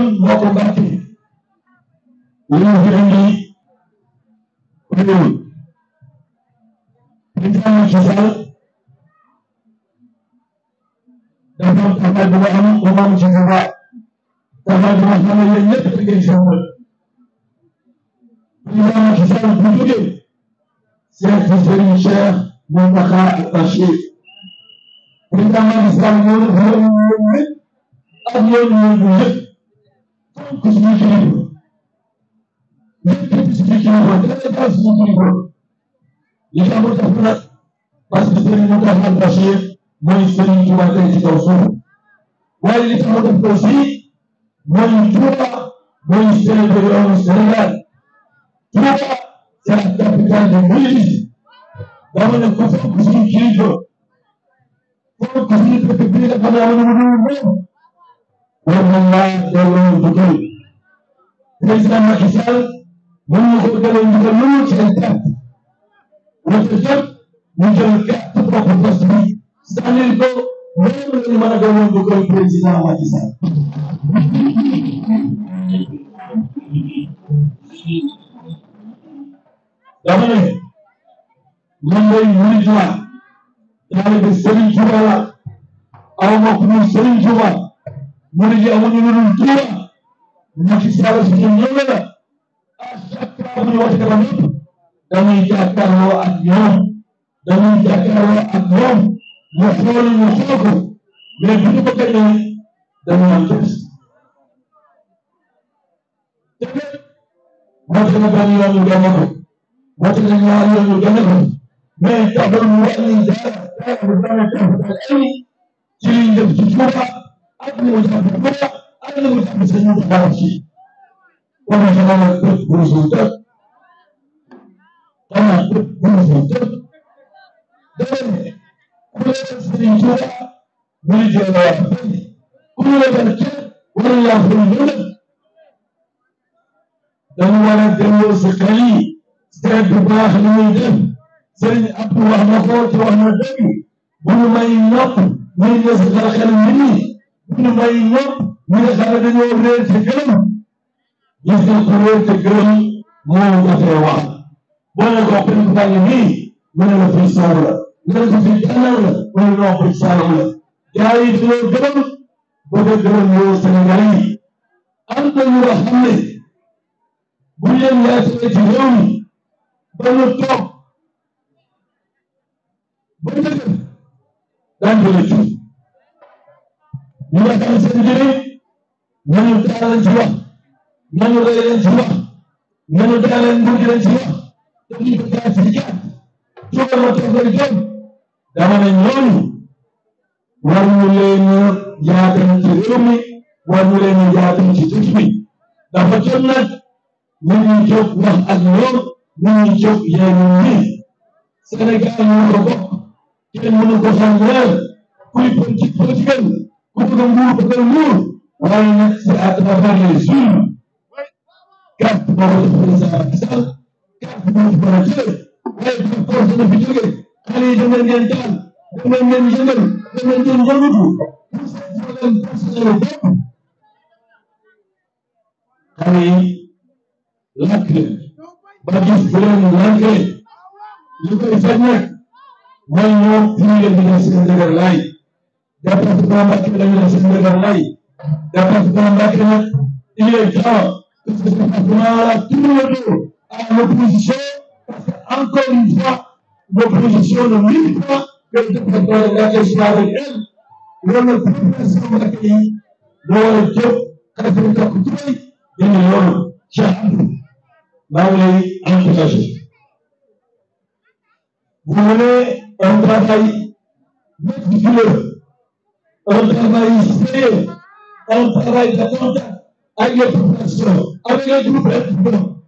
moo ko bàtti li mu fi indi réew président Macky Sall dafa am taxawaay bu ci pouvoir taxawaay bu ma xam ne yéen ñëpp da ngeen sawal président Macky Sall bu jógee seet si Serigne Cheikh Mountakha Bachir président Macky Sall moom ak yoon yooyu ko suñu kilifa nekk suñu kilifa nekk na suñu kilifa li tax mu def nag parce que Serigne Mountakha Mbacké Bachir mooy Serigne Touba tey ci kaw suuf waaye li tax mu def ko aussi mooy Touba mooy Sénégal Sénégal Touba c'est la capitale du mouridisme dama ne ko fonk suñu kilifa fonk suñu dëkk bii nga xam ne amuñu lu dul moom. président Macky Sall mën na ko dalal ndigal mënul ci seen kàtt waxtu jot ñu jël carte bokk poste bi sànnil ko loolu la ñu mën a doon bu koy président Macky Sall ne man day murid la taalibe Serigne Touba la aw ma ku dul Serigne Touba murid yi amuñu lu dul Touba ñu ci si yàlla si ñoom ñoom la à chaque fois bu ñu woote dama ñëpp dañuy jàkkaarloo ak ñoom dañuy jàkkaarloo ak ñoom mu xool ñu xool ko mais bu ñu ko gañee dañuy am bés. te de woote na benn yoon ñu gañe ko woote na ñaar yoon ñu gañe ko mais taxul mu wàññi dara dara bu dara dara ay ci liñ def ci suufa ak ñu jàpp kenn mu jàpp si ñu taxaw ci wala xanaa bépp burusul tëb xanaa bépp burusul tëb déedéet ku leen Sëriñ Tuuba muy jéem a wax benn ku ñu la barke wala yaa fi ñu la dañu war a delloo si xel yi seet bu baax li muy def Sëriñ Abdou wax na ko te wax na dëgg bu ñu may nopp muy des xel xel nit ñi bu ñu may nopp mu ne dara dañoo réer te gërëm gis nga ko réer te gërëm moo jotee wax boo ne ko président yi nii mu ne la fii saaru la nga ne ko fii tànnal la mu ne non fii saaru la gars yi dañoo gërëm bëgg a gërëm yow Sénégal yi am na ñu nga xam ne bu leen yaatee ci réew mi ba ñu toog ba dëgg daan jëlee ci ñu nga xam seen njëriñ mënu daal lañ ci wax mënu rëy lañ ci wax mënu daal lañ mujj lañ ci wax dañu ko jaar ci jaar suba ma toog rek dem dama ne ñooñu war ñu leen yaatam ci réew mi war ñu leen yaatam ci dëkk bi dafa jot nag ñu ngi jóg wax ak ñoom ñu ngi jóg yéen ñi Sénégal ñu ko bokk kenn mënu ko xam ñaar kuy politique politique ku bëgg nguur bëgg nguur i nag c'est à travers les urnes carte boobu président Macky Sall carte boobu président waaye bu force la fi jógee xale yi dem ngeen taal dem ngeen yëngal dem ngeen yëngatu pour seen problème personnel bopp xale lakk ba gis bu leen lankee li koy faj nag mooy ñoom fii la ñu ne seen dëgër laay département Mbacké la ñu ne seen dëgër Dapat menambahkan il est temps que ce département-là tourne le dos à l'opposition, parce qu'encore une fois, l'opposition ne mérite pas que le département de Mbacké soit avec elle. Loolu la population Mbacké yi moo war a jóg xasee takku tubéy dina loolu Cheikh Abdou maa ngi lay encouragé. Vous menez un travail méticuleux, un travail sérieux. un travail de contact avec les populations, avec les groupes étudiants.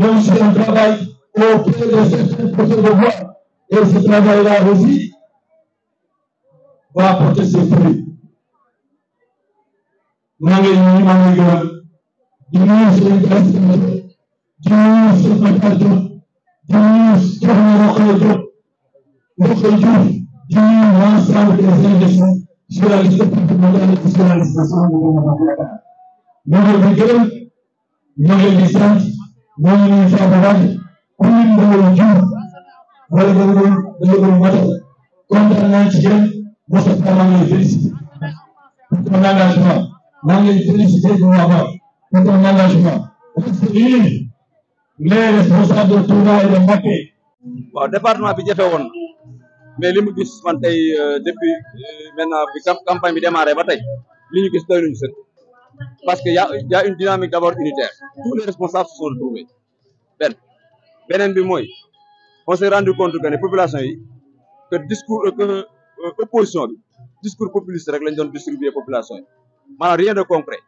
un travail auprès de certains de voix. Et ce travail-là aussi va apporter ses fruits. maa ngi leen di maa ngi gërëm di nuyu seen gàllankoor di nuyu seen Matar Diop di nuyu soxna Rokhaya Diop Rokhaya Diouf di nuyu l'ensemble journaliste bi ma leen di journalisation bi ma ma yaakaar ñoo ngi leen di gërëm ñoo ngi leen di sant ñoo ngi leen di xaabaar ku ñu mbooloo jiw wala nga doon nga doon matal kontaan naa ci yéen mosut ka maa ngi lay félicité ton engagement maa ngi lay félicité bu ma baax pour ton engagement parce que les responsables de Touba et de Mbacké waaw département bi jafe woon mais li mu gis man tey euh, depuis euh, maintenant bi campagne bi démarré ba tey li ñu gis doy nañu parce que ya a y a une dynamique d'abord unitaire tous les responsables se sont retrouvés benn beneen bi mooy on s'est rendu compte que ne yi que discours que euh, opposition bi discours populiste rek lañ doon distribuer population yi maanaam rien de concret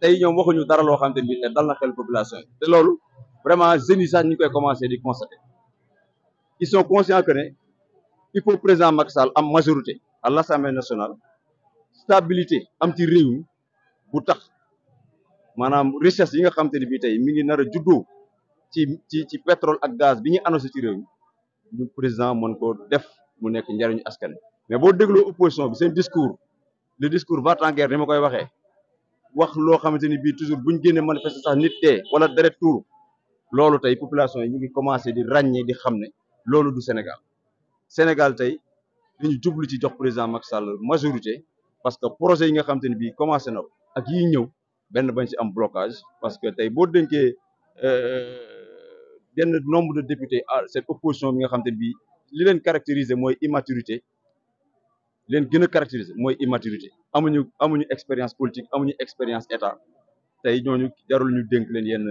tey ñoom waxuñu dara loo xam te ni dal na xel population yi te loolu vraiment jeunes yi sax ñu koy commencer di constater ils sont conscients il faut président Macky am majorité à l'Assemblée nationale stabilité am ci réew mi bu tax maanaam richesse yi nga xam te ne bii tey mi ngi nar a juddoo ci ci ci pétrole ak gaz bi ñu annoncé ci réew mi ñu président mën ko def mu nekk njariñu askan mais boo dégloo opposition bi seen discours le discours va en guerre ni ma koy waxee wax loo xamante ni bii toujours buñ génnee manifester sax nit dee wala deret tuuru loolu tey population yi ñu ngi commencé di ràññee di xam ne loolu du Sénégal Sénégal tey dañu jublu ci jox président Macky Sall majorité parce que projet yi nga xam te ne bii commencé na ak yi ñëw benn bañ ci am blocage parce que tey boo dénkee euh, benn nombre de députés à cette opposition bi nga xam te ne bii li leen caractériser mooy immaturité leen gën a mooy immaturité amuñu amuñu expérience politique amuñu expérience état tey ñooñu jarul ñu dénk leen yenn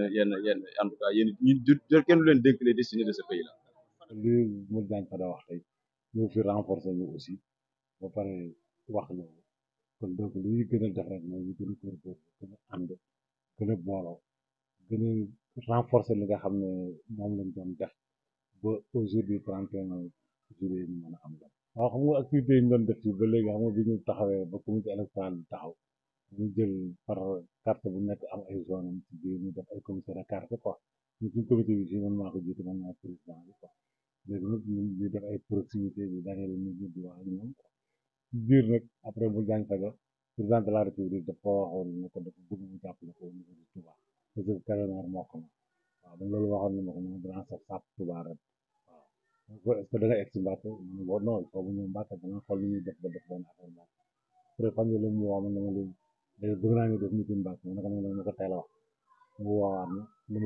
yenn en tout cas yéen ñu kenn du leen dénk les destinées de ce pays là. wax tey ñëw fi renforcer ñu aussi ba pare wax loolu kon donc li ñuy gën a def rek mooy ñu booloo gën renforcer li nga xam ne moom lañ doon def ba aujourd'hui trente et un juillet ñu a am dam waaw xam nga activité yi ñu def ci ba léegi xam nga bi ñu taxawee ba comité électoral bi taxaw ñu jël par carte bu nekk am ay zone am ci biir ñu def ay comité de ñu suñ comité bi fii man maa ko jiite man maa président bi quoi léegi nag ñun ñu def ay proximité di dajale nit ñi di wax ak ñoom biir nag après bu jàng faga président la république dafa waxoon ko de Touba parce que Kébémer mokk na waaw dañ loolu waxoon ne ma ko ma danaa saf sàpp Touba ren waaw mu ne ba def benn affaire mu woo ma ne ma léegi ñu def meeting Mbàkke ma ne ko ma ne ma ko a wax mu woowaat ma ne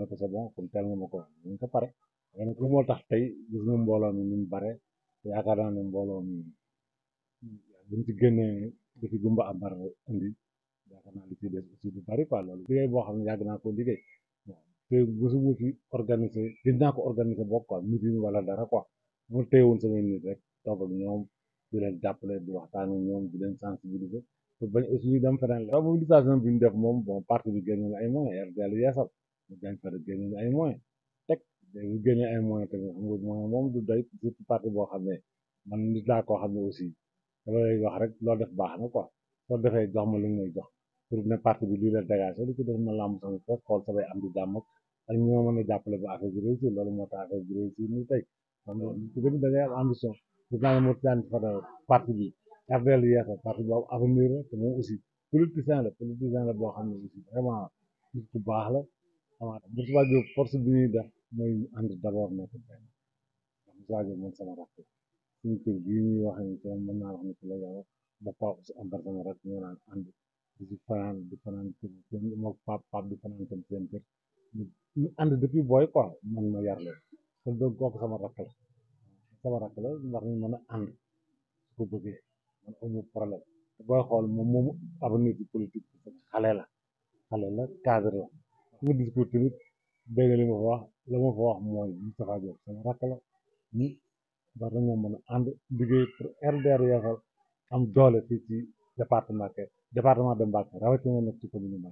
ma ko c'est bon comme ko ñu pare léegi nag moo tax tey gis nga mbooloo mi ni bare yaakaar naa ne mbooloo mi buñ ci génnee li fi gumba ambar indi yaakaar naa li ci des aussi du bari quoi loolu liggéey boo xam ne yàgg naa ko liggéey te bésu bu fi organisé gis naa ko organisé bopp quoi meeting wala dara ko mu téyewoon samay nit rek toog ak ñoom di leen jàppale di waxtaan ak ñoom di leen sensibiliser pour bañ aussi ñu dem feneen la mobilisation bi ñu def moom bon parti bi génne na ay moyens RDL yeesal mu gàncax gi génne na ay moyens dañu génne ay moyens tamit xam nga moom du doy surtout parti boo xam ne man nit laa koo xam ne aussi dama lay wax rek loo def baax na ko soo defee jox ma lu ñu jox pour ne parti bi lii la dégagé li ci def ma làmb sama foofu xool samay am di jàmm ak ñi ma mën a jàppale ba bi réussir loolu moo tax affaire bi réussir ñu tey xam nga tamit da ngay am ambition gis naa ne moo daan fa parti bi RDL yeesa parti boobu avenir la te moom aussi politicien la politicien la boo xam ne aussi vraiment nit ku baax la xamaa Moustapha bi ñuy mooy ñu ànd d'abord nekk benn ndax sama rakk suñu kër bii ñuy wax ni ci mën naa wax ni ci la yow ba Pape aussi sama rakk ñoo naan ànd depuis booy quoi man ma yar leen kon donc kooku sama rakk la sama rakk la ndax ñu mën a ànd su ko bëggee man amul problème booy xool bi xale la xale la cadre la su ma discours dégg li ma ko wax la ma ko wax mooy Moustapha Diop sama rakk la ñu war nañoo mën a ànd liggéey pour RDR Yeesal am doole fii ci département de Mbacké rawatina nag ci commune